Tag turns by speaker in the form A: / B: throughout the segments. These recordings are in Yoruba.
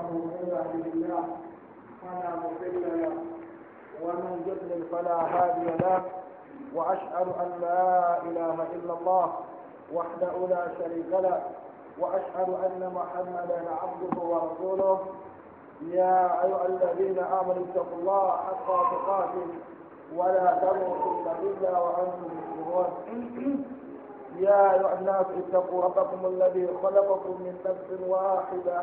A: انه عباد الله فلا مضل له ومن يضلل فلا هادي له واشهد ان لا اله الا الله وحده لا شريك له واشهد ان محمدا عبده ورسوله يا ايها الذين امنوا اتقوا الله حق تقاته ولا تموتن الا وانتم مسلمون يا ايها الناس اتقوا ربكم الذي خلقكم من نفس واحده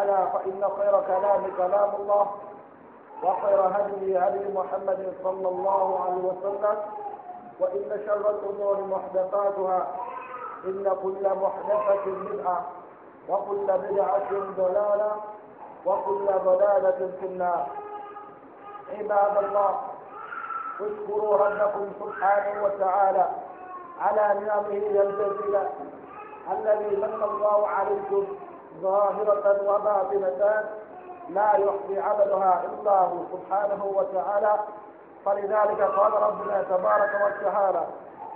A: ألا فإن خير كلام كلام الله وخير هدي هدي محمد صلى الله عليه وسلم وإن شر الأمور محدثاتها إن كل محدثة بدعة وكل بدعة ضلالة وكل ضلالة في النار عباد الله اشكروا ربكم سبحانه وتعالى على نعمه الجزيلة الذي من الله عليكم ظاهرة وباطنة لا يحصي عددها إلا الله سبحانه وتعالى فلذلك قال ربنا تبارك وتعالى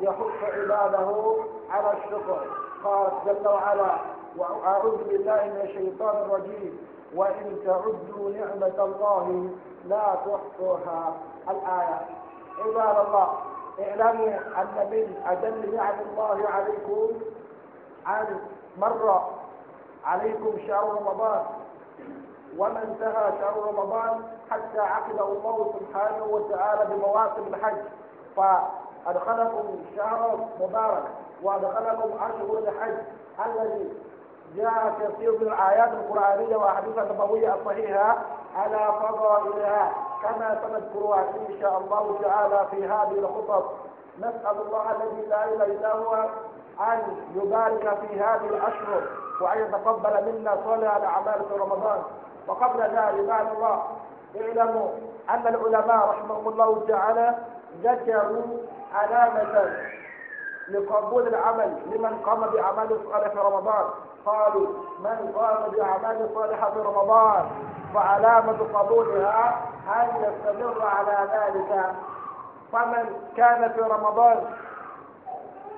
A: يحث عباده على الشكر قال جل وعلا وأعوذ بالله من الشيطان الرجيم وإن تعدوا نعمة الله لا تحصوها الآية عباد الله اعلموا أن من أجل نعم الله عليكم أن مر عليكم شهر رمضان وما انتهى شهر رمضان حتى عقده الله سبحانه وتعالى بمواسم الحج فأدخلكم شهر مبارك وأدخلكم أشهر الحج الذي جاء كثير من الآيات القرآنية واحاديث النبوية الصحيحة على فضائلها كما سنذكرها إن شاء الله تعالى في هذه الخطب نسأل الله الذي لا إله إلا هو أن يبارك في هذه الأشهر وأن يتقبل منا صالح الأعمال في رمضان وقبل ذلك بعد الله اعلموا أن العلماء رحمهم الله تعالى ذكروا علامة لقبول العمل لمن قام بأعمال صالح في رمضان قالوا من قام بأعمال صالحة في رمضان فعلامة قبولها أن يستمر على ذلك فمن كان في رمضان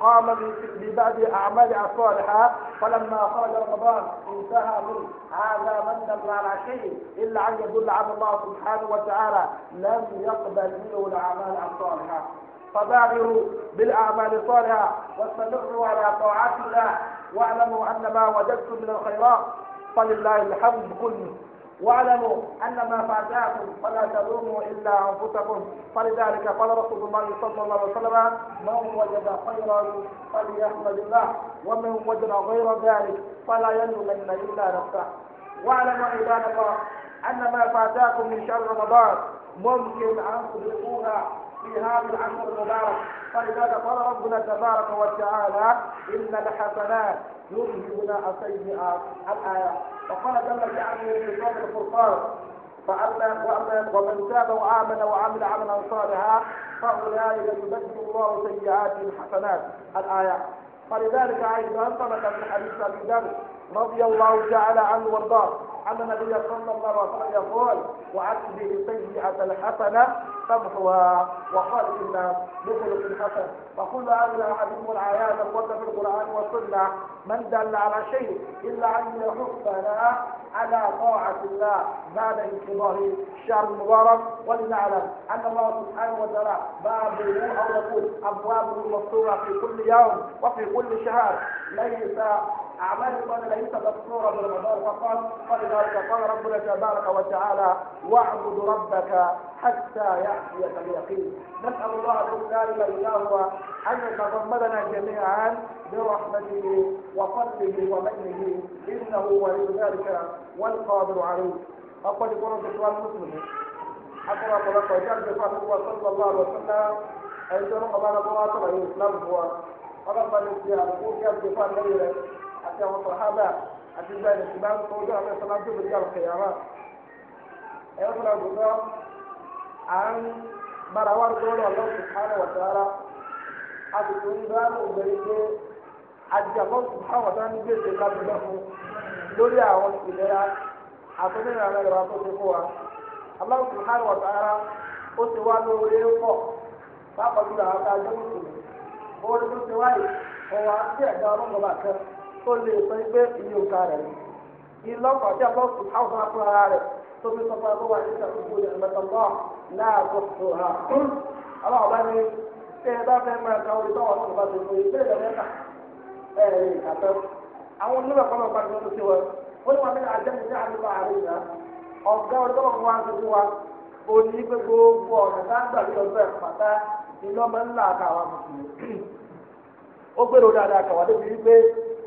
A: قام ببعض أعمال الصالحة فلما خرج رمضان انتهى منه هذا من الله على شيء إلا أن يدل على الله سبحانه وتعالى لم يقبل منه الأعمال الصالحة فبادروا بالأعمال الصالحة واستمروا على طاعات الله واعلموا أن ما وجدتم من الخيرات فلله الحمد كله واعلموا ان ما فاتاكم فلا تلوموا الا انفسكم فلذلك قال رسول الله صلى الله عليه وسلم من وجد خيرا فليحمد الله ومن وجد غير ذلك فلا يلومن الا نفسه واعلموا عباد الله ان ما فاتاكم من شهر رمضان ممكن ان تدركوها في هذا العشر المبارك فلذلك قال ربنا تبارك وتعالى ان الحسنات يرهبون السيئات الآية وقال جل جعله في سورة الفرقان فأما ومن تاب وآمن وعمل عملا صالحا فأولئك يبدل الله سيئاتهم حسنات الآية فلذلك أيضا طلب من حديث أبي ذر رضي الله تعالى عنه وارضاه أن النبي صلى الله عليه وسلم يقول وعجبه السيئة الحسنة تمحوها وقال إن مثل الحسن فكل أن أحدهم الآيات قلت في القرآن والسنة من دل على شيء إلا أن يحثنا على طاعة الله بعد انقضاء الشهر المبارك ولنعلم أن الله سبحانه وتعالى بابه أو يقول أبوابه مفتوحة في كل يوم وفي كل شهر ليس أعمال ليس مفتوحة برمضان فقط فإذا ذلك قال ربنا تبارك وتعالى واعبد ربك حتى يأتيك اليقين نسأل الله لا إله إلا هو أن يتغمدنا جميعا برحمته وفضله ومنه إنه ولي ذلك والقادر عليه أقول لكم سؤال مسلم أقول لكم لقد جاء صلى الله عليه وسلم أن تنقل على مواطنه الإسلام هو ọlọ́pàá ní ti àdúgbò kí àti ìfọ̀ àgbẹ̀rẹ̀ rẹ̀ àti gba ìrètí bá ń kọ ojú àwọn ẹ̀sán lábẹ́ òbí àlùkìyàmá ẹ̀rọ fúnra gbogbo à ń bára wá lọ́wọ́ wa ta'ala a sì tún bá ògbẹ́rẹ́ pé àjàmọ́ subhanahu wa ta'ala ní gbèsè lábẹ́ lọ́fún lórí àwọn ìlera àtúndínlẹ̀ àwọn ìlera tó fún wa Allah subhanahu wa ó ti wá pọ̀ pápá àwọn a jẹ́ mùsùlùmí ó ti wáyé ọ̀wá sí ẹ̀dá ọlọ́mọba tó lè e sọ pé ìyẹn ò ká rẹ̀ ni ìlọ́kọ̀ tí a bọ́ sùn àwọn fún akúrò ara rẹ̀ tó fi sọ fún akúrò àti ìṣàkóso ìgbòho ìmọ̀tọ́gbọ́ náà tó tó ha. ọlọ́wọ́ bá ní ṣé ẹ bá fẹ́ máa ka orí báwọn ọlọ́wọ́ bá ti fún yìí bẹ́ẹ̀ lọ́wọ́ ẹ̀ ẹ̀ ìkàtọ́. àwọn onímọ̀ kan náà bá ti lọ́dún sí wọn ó ní wọn bí àjẹmí ní àdúgbò àárín ìgbà ọ̀gá ọlọ́wọ́ wa ti fún wa ó pé gbogbo ọ̀nà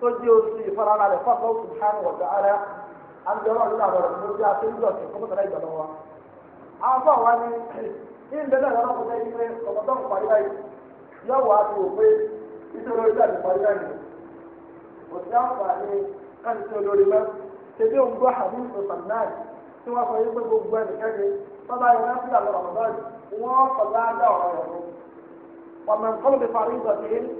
A: tó oṣù ìfarara rẹ̀ fún àwọn subhanahu wa ta'ala àjọyọ̀ nínú àwọn ọ̀rọ̀ tó jẹ́ àti ìjọ sí fún mọ́tàlá ìjọba wa. àwọn wa ni ìdílé lọ́wọ́ kọjá yìí pé ọ̀pọ̀tọ́ ń parí báyìí yóò wá sí òpé ìṣòro ìjà ti parí báyìí. òsì àǹfààní káàdì sí olórí mọ́ ṣèbí òun gbọ́ hadith sọ̀tàn tí wọ́n sọ yìí pé gbogbo ẹnikẹ́ni tọ́ba ìwé sílẹ̀ lọ́wọ́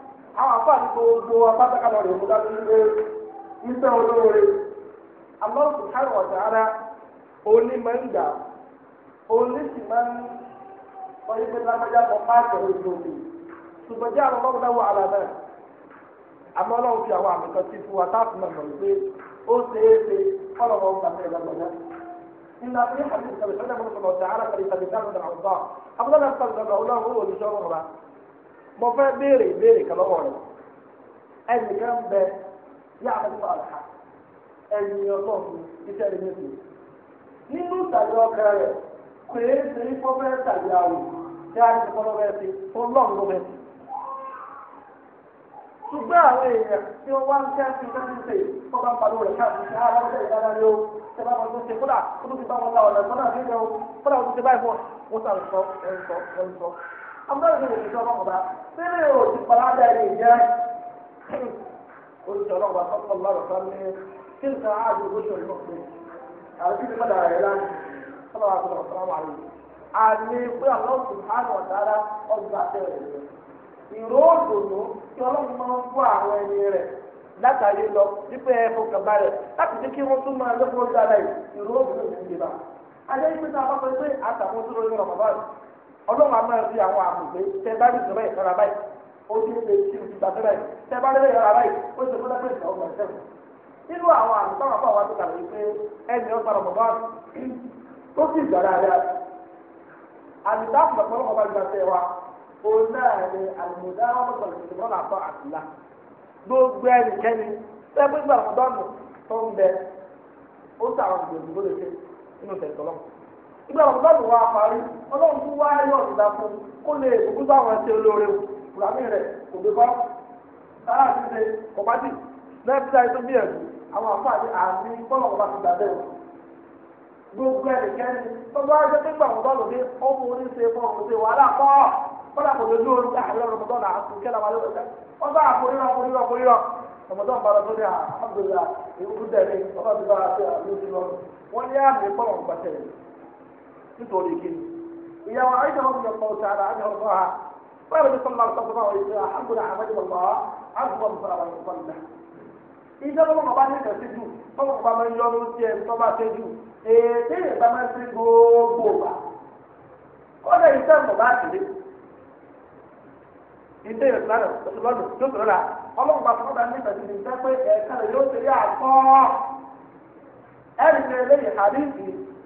A: àwọn àpá àti gbogbo apátákàlà rẹ̀ mú dájú pé níṣẹ́ olóore Allah subhanahu wa ta'ala òní máa ń gbà òní sì máa ń ọyẹ pé lágbájá kan bá àtẹ̀wé ìdòwò ṣùgbọ́n jẹ́ àwọn ọlọ́run náà wà ara náà àmọ́ ọlọ́run fi àwọn àmì kan sí fún wa táàpù náà mọ̀ pé ó ṣeé ṣe kọ́lọ̀ wọn gbàgbé ìlànà إن في حديث النبي صلى الله عليه وسلم تعالى فليس بكامل الأوضاع أفضل أن تلقى الله هو mo fẹ́ béèrè ìbéèrè kan lọ́wọ́ rẹ̀ ẹnìkan bẹ yá àbẹ̀tẹ̀ wà lọ́ha ẹ̀yìn ọlọ́run iṣẹ́ rẹ̀ méjì nínú ìtàgé ọkẹ rẹ̀ kò é ṣe ní ọrụ tàbí ọrụ tí a ti kọ́ lọ́fẹ́ sí ọlọ́run ló fẹ́ sí. ṣùgbọ́n àwọn èèyàn amúnáwó ti sọ ọlọ́run ọba sílẹ̀ ò ti palada ẹni jẹ́ oṣù ọlọ́run ọba sọ́kọ̀ lọ́rọ̀ sọ ní kí n sàn áàdì oṣù ọ̀rẹ́ ọ̀pẹ àwọn tí nípa dàrẹ̀ lánàá sọ́lá wa sọ̀rọ̀ sọ́lá wa rẹ̀ àmì pé àlọ́sùn subhanahu wa ta'ala ọgbà tẹ̀lé ìró òdòdó tí ọlọ́run máa ń fún ẹ̀fọ́ kaba rẹ̀ láti jẹ́ kí wọ́n tún máa lọ́kọ́ dára ìró òdòdó ti dè bá. adé ìpínlẹ̀ àpapọ̀ ẹgbẹ́ àtàkùn tó lórí ọ̀pọ̀ báyìí ọlọ́run a máa rí àwọn àmùgbé tẹ bá rí ìjọba ìfara báyìí ó ti ṣe tí o ti gbà sílẹ̀ tẹ bá rí ìfara báyìí ó ti fúnlẹ̀ pé ìjọba ọgbà ìṣẹ̀lẹ̀ nínú àwọn àmì táwọn afọ àwọn àtúntà yìí pé ẹni ọgbà ọgbà tó sì gbà dáadáa àmì táwọn ọgbà tẹ wa náà àtìlá gbogbo ẹnikẹ́ni nígbà wọn bá wa parí ọlọ́run tún wá ayọ̀ ìdá fún kó lè kókó sáwọn ẹsẹ̀ olóore o kò gbé kọ́ sára ti ṣe kọ̀pátì lẹ́ẹ̀tì àìsí bí ẹ̀rù àwọn àfáàdé àmì bọ́lọ̀ wọn ti gbogbo ẹnikẹ́ni tọ́jú gbà wọn ọmọ ṣe wàhálà kọ́ kọ́lá kò lè orí àti kẹ́lá nítorí kí ìyá wa ha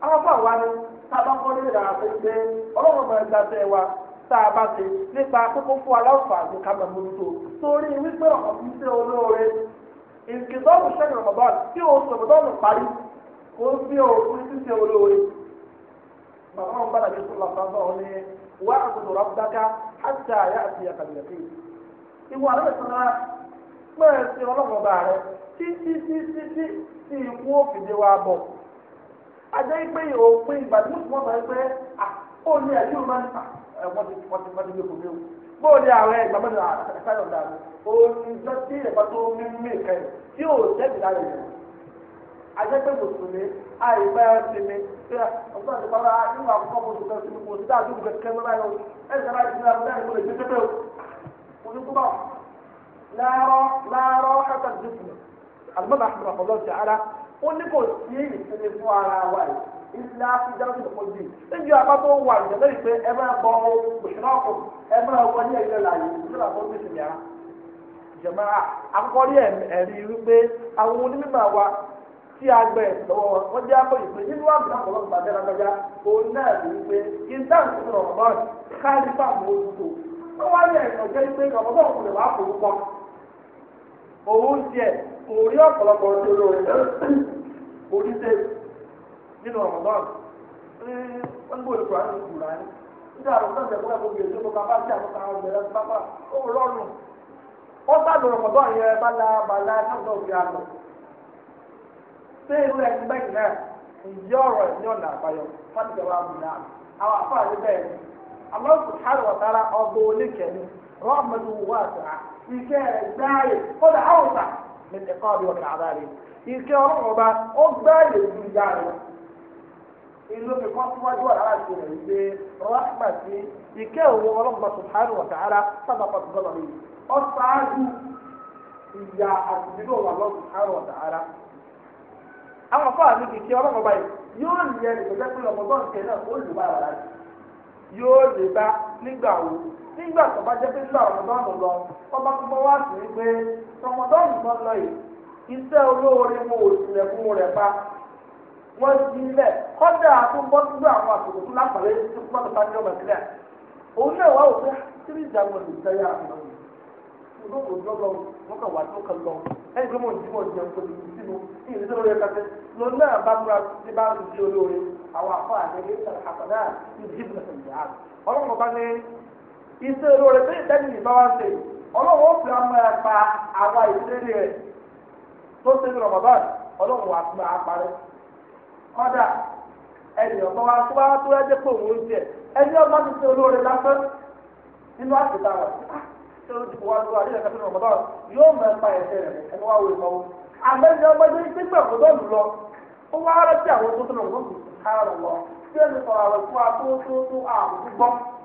A: àwọn àwa ni tá a bá kọ́ nílé dára pé pé ọlọ́run máa gba bẹ́ẹ̀ wa tá a bá ṣe nípa kókó fún torí wípé fi ṣe olóore ìkìtọ́ọ̀mù o parí fi olóore. bàbá wọn bára jésù wà á gbọdọ̀ àyà àti ọlọ́mọba rẹ̀ ajẹ́ pé òpin ìbàdí mú wọn sọ pé ah, ó ní ẹ̀jú máa ń ta wọ́n ti wọ́n ti wọ́n ti gbé kò léwu bóò ní àwọn ẹgbẹ́ mọ́tò àtàkùn dàrú òní lọ sí ẹ̀kọ́ tó ní mìíràn kẹ́yìn tí ò jẹ́bi lára yẹn ajẹ́ pé mùsùlùmí àìpẹ́ sinmi pé ọ̀sán àti bàbá nínú àkọ́kọ́ mùsùlùmí kan sinmi kò sí dáa dúró ti sinmi àbúrò ìgbòho ó ní kò sí ìsinmi fún ara wa yìí ìsinmi àfijá ló kò sí níbi àbá tó wà ìjọba yìí pé ẹ máa bọ òṣùnà ọkọ ẹ máa wọ ní ẹgbẹ́ láàyè ìjọba tó ní ìsinmi ara ìjọba akọrí ẹ̀rí wípé àwọn onímọ̀ wa tí a gbẹ lọ́wọ́ wọn wọ́n jẹ́ àpò ìpè nínú àmì náà kọ́lọ́ gbàdé lágbájá òun náà rí i pé ìdáhùn sí rọ̀mọ́dọ́ọ̀nì káàdì fáwọn olùkọ́ wọ́n wá ní ẹ̀sán jẹ́ pé rọ̀mọ́dọ́ọ̀nì kò lè wá kó òun tiẹ̀ kò rí ọ̀pọ̀lọpọ̀ ọdún lórí oníṣe nínú ọmọdọ́ọ̀nù wọ́n ní bóyá kùránì kù láyé nígbà àwọn ọ̀sán ìjẹ̀kú ẹ̀kọ́ gbèrè tó kọ́ bá tí àwọn kan àwọn pápá ó rọrùn ó sáàdùn yẹn káwọn bẹ́ẹ̀ náà ọ̀rọ̀ ẹ̀ ní ọ̀nà àbáyọ àbùdá àwọn من عقاب ومن عذاب ìkẹ́ ike ọba ó gbá ìlú ìyá rẹ̀ inú fi kọ́ síwájú ọ̀rá àti rẹ̀ wípé rọ́ṣmà sí ìkẹ́ òun ọlọ́run ọba subhanahu wa ta'ala ọ sáájú ìyá àti nínú ọ̀rọ̀ ọlọ́run subhanahu wa nígbà tó bá jẹ́ pé nígbà rọmọdọ́nù lọ ọba púpọ̀ wá sí i pé rọmọdọ́nù kan lọ yìí iṣẹ́ olóore mo ò tilẹ̀kùn rẹ̀ pa wọ́n ti ilẹ̀ kọ́dà tó bọ́ síbẹ̀ àwọn àtòkò tó lápàlẹ́ tó bọ́ tó bá ní ọmọ ìpínlẹ̀ òun náà wà wò pé tírí ìjàgbọ̀n lè jẹ́ yàrá mi lọ́wọ́ ìlú kò jọ lọ wọn kà wà tó kà lọ ẹni pé mo ń dìbò jẹun tó lè sínú ìlú tó lóore kàtẹ́ lọ náà bá múra tí bá ń fi olóore àwọn àfọ àdéhùn àtàkàdá ìdíjìbìlẹ̀ sẹ̀yìn àrùn ọlọ́run iṣẹ́ olóore tó yẹ tẹ́lẹ̀ nígbà wá ṣe ọlọ́run ó fi ọmọ ẹ̀ pa àwa ìṣeré rẹ̀ tó ṣe ní Ramadan ọlọ́run wà fún apárẹ́ kọ́dà ẹnì ọ̀pọ̀ wa tó bá tó ẹjẹ́ pé òun ó jẹ ẹni ọba ti ṣe olóore lásán nínú àṣìta rẹ̀ ah, ṣé o ti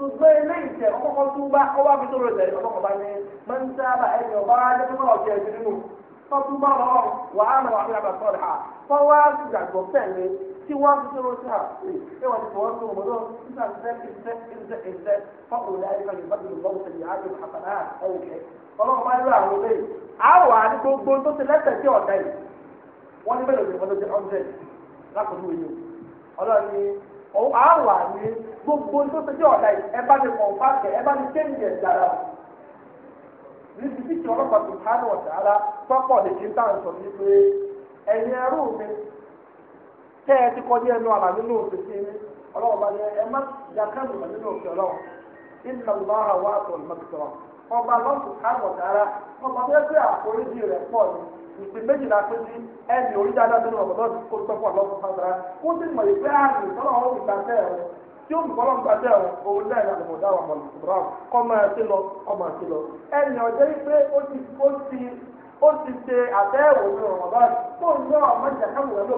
A: ṣùgbọ́n ilé ìtẹ̀ ọkọ̀kọ̀ tún bá ọwọ́ àbí tó rẹ̀ tẹ̀lé bá ní máa ń sábà ẹni ọba ajé tó kọ̀ ọ̀jẹ̀ ha tí fi ẹ ti tó nígbà bá àwọn àti gbogbo tó ti sí yìí ní ọ̀hún á wà ní gbogbo tó ṣe jẹ́ ọ̀la yìí ẹ bá ní kọ̀ bá tẹ̀ ẹ bá ní kéńjì ẹ̀ níbi tí ìṣòro ọlọ́pàá tó hánú ọ̀dà ara tọ́pọ̀ lè ṣe ń tà ń sọ ní pé ẹ̀yin ẹrú mi ẹ ti kọjú ẹnu àlà nínú òṣèṣe mi ọlọ́wọ́ bá ẹ má nínú òṣè ọlọ́wọ́ ìpín méjìlá pín ẹni orí dáadáa nínú ọ̀pọ̀ lọ́dún kó tọ́pọ̀ lọ́dún sáńtara kó sì mọ̀ ìpé àrùn ìtọ́nà ọ̀hún ìgbàsẹ̀ rẹ̀ tí ó ń bọ́ lọ́nà gbàsẹ̀ rẹ̀ òun náà ní mọ̀ kọ́ máa lọ kọ́ máa lọ. ẹni ọ̀jẹ́ ó ti ṣe àbẹ́wò ní ń lọ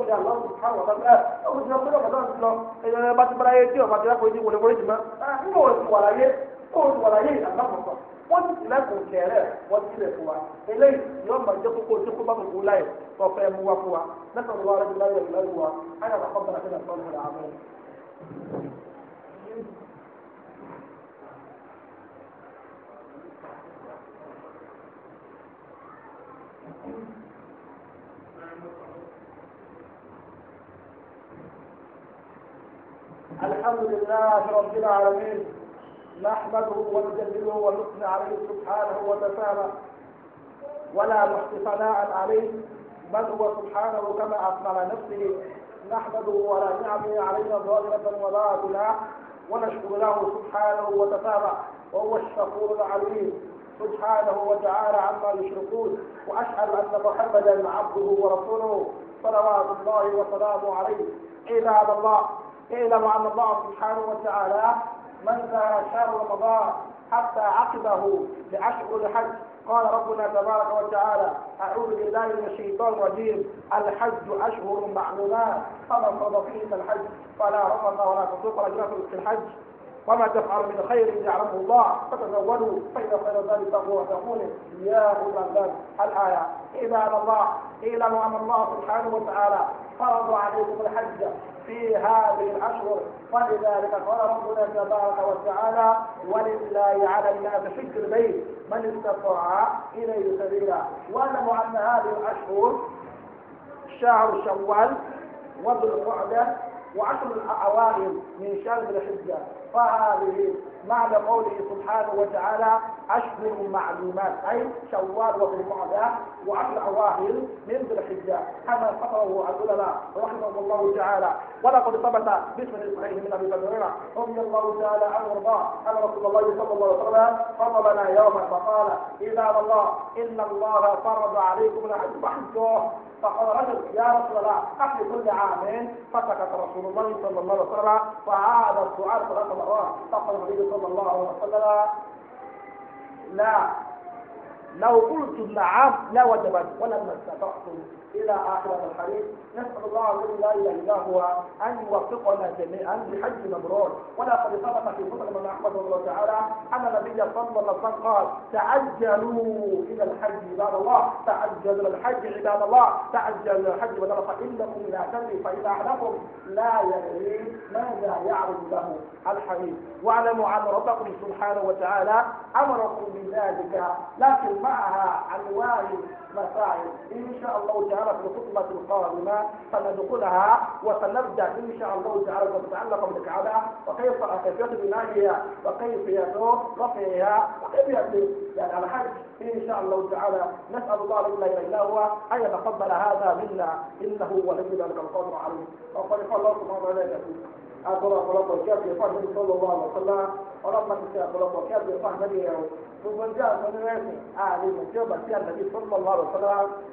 A: káwọn ti wọ́n ti tilẹ̀ kò kẹ̀rẹ́ wọ́n ti tilẹ̀ fún wa eléyìí yóò máa jẹ́ kókó tí kó bá mi kú láyé tó fẹ́ mú wa fún wa mẹ́ta ló wà lórí láyé lórí wa ayé àbàkọ́ bẹ̀rẹ̀ fún ẹ̀fọ́ lórí àmọ́. الحمد لله رب العالمين نحمده ونجلله ونثني عليه سبحانه وتعالى ولا نحصي ثناء عليه بل هو سبحانه كما اثنى على نفسه نحمده ولا نعمه علينا ظاهرة ولا جناح ونشكر له سبحانه وتعالى وهو الشكور العليم سبحانه وتعالى عما يشركون واشهد ان محمدا عبده ورسوله صلوات الله وسلامه عليه عباد الله اعلموا ان الله سبحانه وتعالى من سهى شهر رمضان حتى عقبه لأشهر الحج قال ربنا تبارك وتعالى أعوذ بالله من الشيطان الرجيم الحج أشهر معلومات فمن فرض فيه الحج فلا رفض ولا فسوق ولا في الحج وما تفعل من خير يعلمه الله فتزودوا فإن خير ذلك هو تقول يا أولي الباب الآية إذا الله اعلموا أن الله سبحانه وتعالى فرض عليكم الحج في هذه الأشهر فلذلك قال ربنا تبارك وتعالى ولله على الناس حج البيت من استطاع إليه سبيلا واعلموا أن هذه الأشهر شهر شوال وذو القعدة وعشر الأوائل من شهر الحجة فهذه معنى قوله سبحانه وتعالى أشهر معلومات أي شوال وفي وبالمعدة وعشر أواخر من ذي الحجة كما قطعه العلماء رحمه الله تعالى ولقد ثبت باسم الصحيح من أبي بكر رضي الله تعالى عنه وارضاه أن رسول الله صلى الله عليه وسلم خطبنا يوما فقال إذا الله إن الله فرض عليكم الحج فحجوه فقال رجل يا رسول الله قبل كل عام فسكت رسول الله صلى الله عليه وسلم فعاد السؤال ثلاث مرات استغفر النبي صلى الله عليه وسلم لا لو قلت نعم لا وجبت ولما استطعتم إلى آخر الحديث نسأل الله الذي لا إله إلا هو أن يوفقنا جميعا بحج مبرور ولقد صدق في فضل من أحمد الله تعالى أن النبي صلى الله عليه وسلم قال تعجلوا إلى الحج عباد الله تعجلوا إلى الحج عباد الله تعجلوا إلى الحج عباد الله فإنكم لا تدري فإن أحدكم لا يدري ماذا يعرض له الحديث واعلموا أن ربكم سبحانه وتعالى أمركم بذلك لكن معها أنواع مساعي إن شاء الله تعالى في الخطبة القادمة سندخلها وسنبدأ إن شاء الله تعالى تتعلق بالكعبة وكيف كيف بنائها يتم رفعها وكيف يتم يعني الحج إن شاء الله تعالى نسأل الله لا إله إلا هو أن يتقبل هذا منا إنه ولي ذلك القادر عليه وقد قال الله سبحانه وتعالى أقول أقول أقول كيف يفعل النبي صلى الله عليه وسلم ولما تسأل أقول أقول كيف يفعل النبي gbogbo ndí àwọn ọmọdé rẹ̀ sìn ààrẹ ìmọ̀ tí ó bá sí ànàbí sọ́lọ́lá rẹ̀ sọ́lá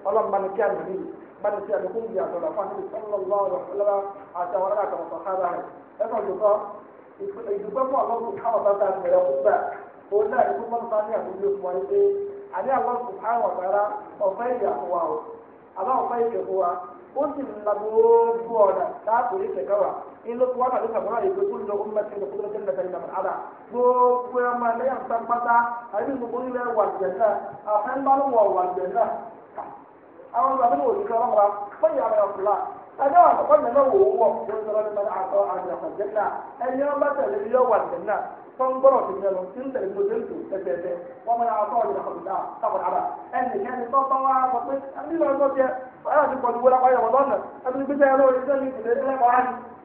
A: ọlọ́mọba ní kí ànàbí bá ní sí ànàbí kó ń di àtọ̀lá fún ànàbí sọ́lọ́lá rẹ̀ sọ́lá àtàwọn ará àtàwọn sọ̀hárà rẹ̀ ẹ̀fọ́ ìdùkọ́ ìdùkọ́ fún ọlọ́run káwọn bá dáa bẹ̀rẹ̀ fún gbà òun náà ní kúmọ́ nípa ní àbújá fún wa pé àní àwọn sùhárà ọ̀tara ọ̀fẹ́ ìyà fún wa o àbá ọ̀fẹ́ ìkẹ́ fún wa ó sì ń la gbogbo ọ̀nà láàpù in ló fi wá pàdé sàgbọ́n àyè pé kúndùn ó ń bẹ tẹ̀lé kúndùn tẹ̀lé tẹ̀lé tẹ̀lé àdá gbogbo ẹ̀ma ẹ̀lẹ́yà ń tán pátá àyè gbogbo ilẹ̀ wà jẹ̀ náà àfẹ́ńbálò wọ̀ wà jẹ̀ náà àwọn ọmọ àbúrò òyìnbó ọlọ́mọba fẹ́yà rẹ̀ ọ̀fúnla ẹgbẹ́ wà sọ́kọ́ nínú wò ó wọ̀ kí ó sọ́kọ́ nínú àtọ́ àjọpọ̀ jẹ́ náà ẹni ọba tẹ̀lé ilé wà jẹ̀ náà fọ́nbọ́rọ̀ ti jẹ́ lọ tí ń tẹ̀lé gbogbo ètò ẹgbẹ̀ẹ́gbẹ́ wọ́n mọ̀ náà sọ́ọ̀rọ̀ ìdàkọ̀tù náà sọ́kọ̀ náà ẹnì kẹ́ni tó bá wá sọ pé ẹni lọ́dọ̀ tiẹ̀ ọ̀yà ti pọ̀ ju wọlé apáyọ̀ wọ́n lọ́nà ẹni gbé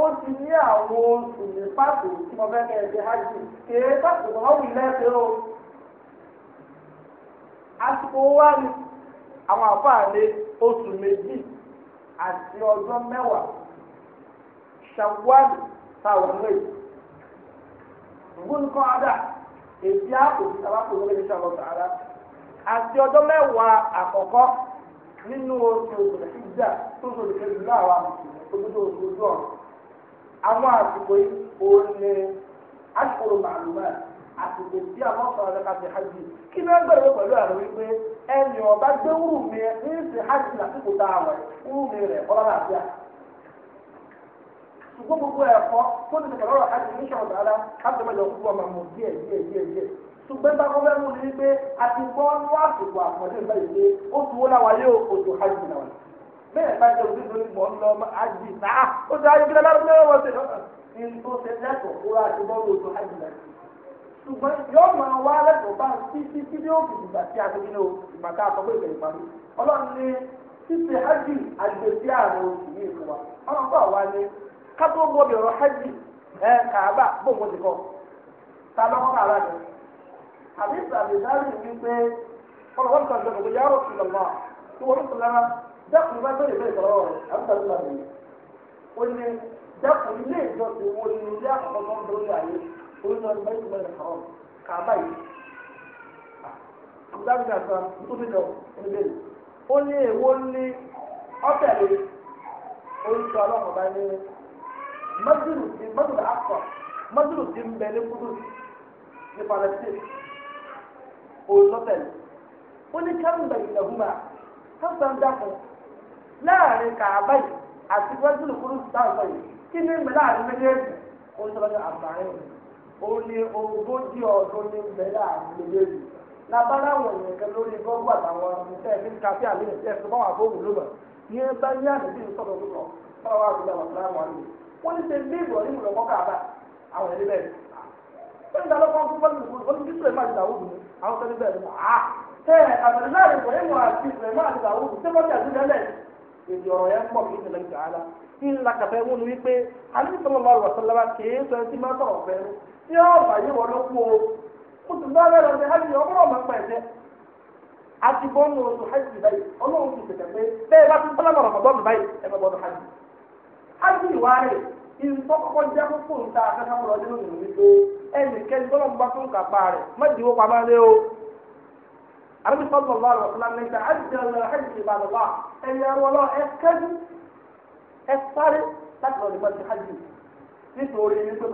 A: ó ti ní àwọn oṣù ní pàtó tí mo fẹ́ kẹ́ ẹ hajj kéé pàtó wọn wù lẹ́sẹ̀ o àsìkò wa ni àwọn àfààní oṣù méjì àti ọjọ́ mẹ́wàá táwọn lórí àti ọjọ́ mẹ́wàá àkọ́kọ́ nínú oṣù òṣèlú àwọn àsìkò yìí òun ni aṣọ́rò màlúmọ́ àsìkò tí a máa sọ̀rọ̀ lẹ́ka ti hajj kí ló ń gbèrò pẹ̀lú àrùn wípé ẹnì ọba gbé wúrù mi ní hajj lásìkò tá a wẹ̀ wúrù mi rẹ̀ ọlọ́lá àti à ṣùgbọ́n gbogbo ẹ̀kọ́ tó ti tẹ̀lé ọ̀rọ̀ hajj ní sọ̀rọ̀ dáadáa káàtó mẹ́jọ púpọ̀ máa mọ̀ díẹ̀ díẹ̀ díẹ̀ díẹ̀ ṣùgbọ́n bá kọ́ fẹ́ẹ́ mú ni wípé àti gbọ́ ní wàásù bẹ́ẹ̀ bá jẹ òbí lórí mọ̀ ń ah, a ti nílò ìgbà ká àkọ́kọ́ ìgbà ìparí ọlọ́run ní títí àjì àgbèsí àrùn oṣù yìí fún wa ọlọ́run kọ́ àwa ni ká tó gbọ́ bẹ̀rọ àjì ẹ̀ kàábà bóun ó ti kọ́ ta lọ́kọ́ kàrà rẹ̀ àbí ìsàlẹ̀ ìdárìn wípé dákùn bá bẹ̀rẹ̀ bẹ̀rẹ̀ sọ̀rọ̀ rẹ̀ àbúdàdúrà mi ó ní dákùn ilé ìjọsìn wo ni ilé àkọ́kọ́ tó ń lórí ayé oríṣi ọdún mẹ́rin mẹ́rin sọ̀rọ̀ kàbá yìí àbúdàdúrà sọ̀rọ̀ nítorí lọ nílé ó ní ti ti láàrin kàábà yìí àti wájú kúrú sáàbà yìí kí ni mẹ láàrin méjèèjì ó ń sọ́kọ́ àbáyé o ní ogójì ọdún ní mẹ láàrin méjèèjì labara wọn yẹn kẹ lórí gbọgbọ àtàwọn ọmọọmọọmọ ẹbí ní káfíà mi ẹ fún báwa fóònù ló mọ ní ẹ bá ní àdébí ní sọdọ tó lọ fọlọ wa ní ṣe bí ìbọn àwọn ẹni bẹ́ẹ̀ ní fún eji ọ̀rọ̀ yẹn pọ̀ kí nìlẹ̀ gàálà kí n lakàfẹ́ wọn wípé alẹ́ sọ̀rọ̀ ọrụ àwọn sọ̀rọ̀ kìí sọ ẹtí máa sọ̀rọ̀ fẹ́ tí ọ̀bà yìí wọ́n ló kú o bá bẹ́ẹ̀ ọgbọ́n pẹ̀ ẹ̀jẹ̀ oṣù báyìí ọlọ́run ti pé bẹ́ẹ̀ bá ti báyìí ẹ kókó nta nínú wípé àrùbí sọ́dọ̀ lọ́wọ́ àwọn ọ̀sán na ìta àjẹ́ ọ̀nà àjẹ́ ìbàdàn wà ẹ̀yà wọn lọ ẹ kẹ́jú ẹ sáré láti lọ́ọ́ nípa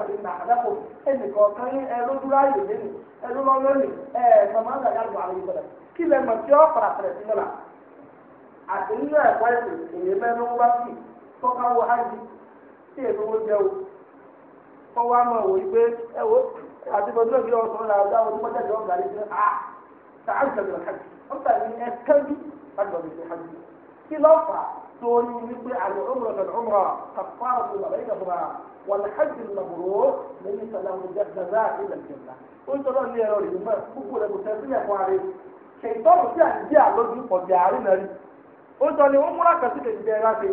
A: àdàpọ̀ ẹnì kọ̀ọ̀kan yín ẹ lójú ráàyè lẹ́nu ẹ ẹ yàgò àwọn kí tí ó fara sí àti nínú èyí sí wọ hajj tí wọn o tààjà lọ hajj ó tàbí ẹ̀kẹ́jú láti lọ́ọ́ fi hajj kí ló fà torí wípé àlọ́ ọmọrọ̀ kan ọmọrọ̀ kàfàrà tó bàbá ìgbà bàbá wọn hajj lọ́bùrọ̀ lẹ́yìn sàlámù jẹ́gbẹ̀dá ilẹ̀ jẹ̀dá ó ń tọ́lọ́ ní ẹ̀rọ rẹ̀ mọ́ kúkú rẹ̀ kò tẹ́ sílẹ̀ fún ààrẹ ṣètọ́nù sí àdìdí àlọ́jú ọ̀jà àárín náà rí ó tọ́ ni wọ́n múra kàtí kèjì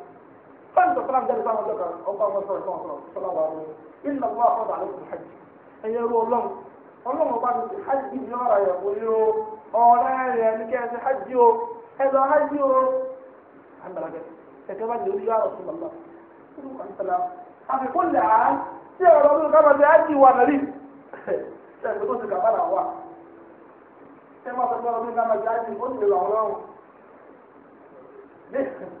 A: فانت سلام جل سلام جل الله ما شاء الله سلام عليه إن الله فرض عليكم الحج أن يروا الله الله بعد الحج يرى يقولوا أولا يعني كذا حج هذا حج عند رجل فكمان يقول يا رسول الله أنت لا في كل عام يا رسول كما تأتي وأنا لي تقول لك أنا هو تقول لك أنا جاي من كل العالم ليه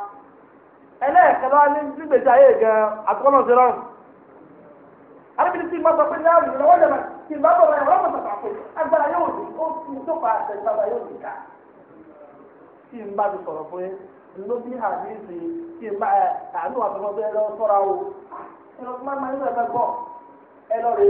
A: ẹlẹ́ẹ̀kẹ́lá ní gbígbèsè ayé gan àtúkọ́nà ṣe rọrùn. arábìnrin tí ìgbà sọ pé ní àwọn ìrànwọ́ jẹ̀mọ̀ tí ìgbà bọ̀ báyìí ọlọ́mọ sọ̀tà pé agbára yóò di ó fi tó pa àṣẹ yóò di ká. tí n bá ti sọ̀rọ̀ pé ló bí àdéhìsì tí n bá ẹ àánú lọ sọ́ra o máa máa ń lọ ẹ lọ rèé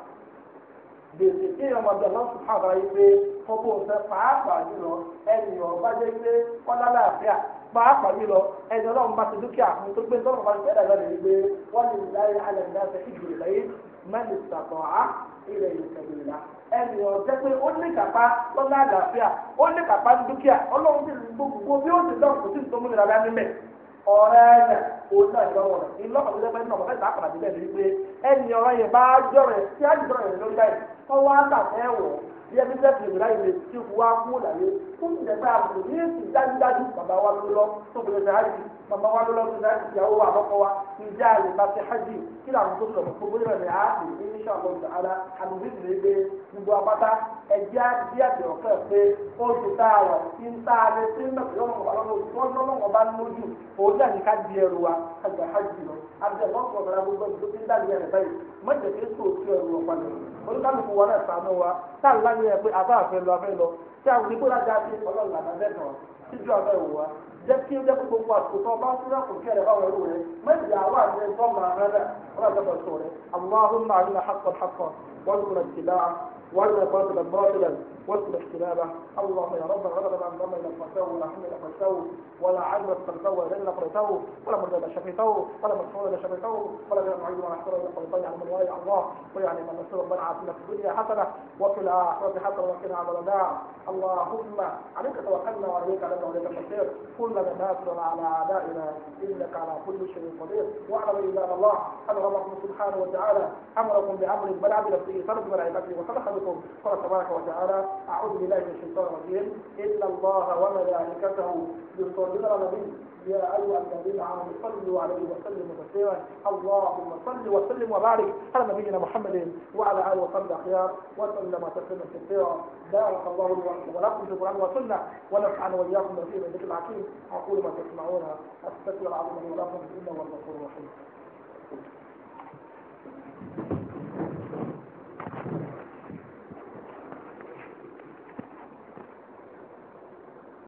A: gbèsè tí èèyàn máa bẹ̀rẹ̀ lọ́sùn fún àbáyé pé ọgbọ́n òfẹ́ pàápàá jùlọ ẹnì ọ̀bá jẹ́ pé ọlá láàfíà pàápàá jùlọ ẹnì ọlọ́run bá ti dúkìá fún tó gbé tọ́lọ̀ bá ti fẹ́ dàgbà lẹ́yìn pé wọ́n lè láyé alẹ́ ní ẹsẹ̀ mẹ́lì sàtọ̀ á ilẹ̀ ẹnì ọ̀jẹ́ pé ó kápá lọ́lá àlàáfíà ó kápá dúkìá ọlọ́run ti gbogbo bí ó ti dọ̀ kò sí ọ̀rẹ́ ẹ̀yẹ òun náà yọ wọn ìlú ọ̀pọ̀ tó lẹ́gbẹ̀ẹ́ náà wọ́n fẹ́ sá àpàdé bẹ́ẹ̀ lórí pé ẹni ọ̀rẹ́ yẹn bá jọ̀rẹ̀ tí á jọ̀rẹ̀ lórí báyìí ọwọ́ àtàfẹ́ wọ̀ yẹ bí sẹ́kì ìbíláyì lè ti wá kú làyé fún ìjẹta àbùkù ní èsì dájúdájú bàbá wa ló lọ tó bẹ̀rẹ̀ sí hajj bàbá wa ló lọ sí hajj ìyàwó wa àkọ́kọ́ wa ìjà àlè bá ti hajj kí làwọn tó sọ̀rọ̀ gbogbo ìrọ̀ ní ààbò ní iṣẹ́ ọ̀gbọ̀n sàhálà àbùkù ìdílé gbé gbogbo apáta ẹ̀jẹ̀ àti àti ọ̀kẹ́ pé ó ti tá a lọ sí ń tá a ń bẹ̀rẹ̀ lọ́wọ́ ọ̀bá lọ́wọ́ mọ̀jẹ̀kẹ́ sọ òsì ọ̀rọ̀ ọ̀padà olùkàlùkù wa náà sànú wa tá a lánàá yẹ pé àbá àfẹ́ lọ afẹ́ lọ tí a wùdí gbọ́dọ̀ dá sí ọlọ́run àná bẹ́ẹ̀ náà síjú abẹ́ wò wa jẹ́ kí ó dẹ́kun gbogbo àtúntò ọba fúnra kò kẹ́rẹ̀ báwọn ẹrú rẹ mẹ́jẹ̀ àwọn àti ẹ̀fọ́ máa rárá wọn àti ẹ̀fọ́ sọ rẹ àwọn ahùn máa ń lọ hakọ̀ hakọ̀ wọ́n kúrò tìlá wọ́n lọ bọ́ọ̀tì lọ bọ́ọ̀tì lọ واسم اجتنابه الله يا رب غضب عن ذنب الى فتوه ولا حمل الى فتوه ولا عدل استغفرته ولا غير لك ولا مرضى لك ولا مسحور لك شفيته ولا غير معيد ولا حسر لك رأيته يعني من الله ويعني من نسير من عافينا في الدنيا حسنة وفي الآخرة حسنة وقنا عذاب النار اللهم عليك توكلنا وعليك علينا وعليك المصير كلنا ناصر على أعدائنا إنك على كل شيء قدير واعلم إلا الله أن ربكم سبحانه وتعالى أمركم بأمر بل عبد نفسه صدق ملائكته وصدق بكم قال تبارك وتعالى أعوذ بالله من الشيطان الرجيم إن الله وملائكته يصلون على النبي يا أيها الذين آمنوا صلوا عليه وسلموا تسليما اللهم صل وسلم وبارك على نبينا محمد وعلى آله وصحبه أخيار وسلم تسليما كثيرا بارك الله لي ولكم في القرآن والسنة ونفعنا وإياكم بما فيه من ذكر الحكيم أقول ما تسمعون أستغفر العظيم لي ولكم إنه هو الغفور الرحيم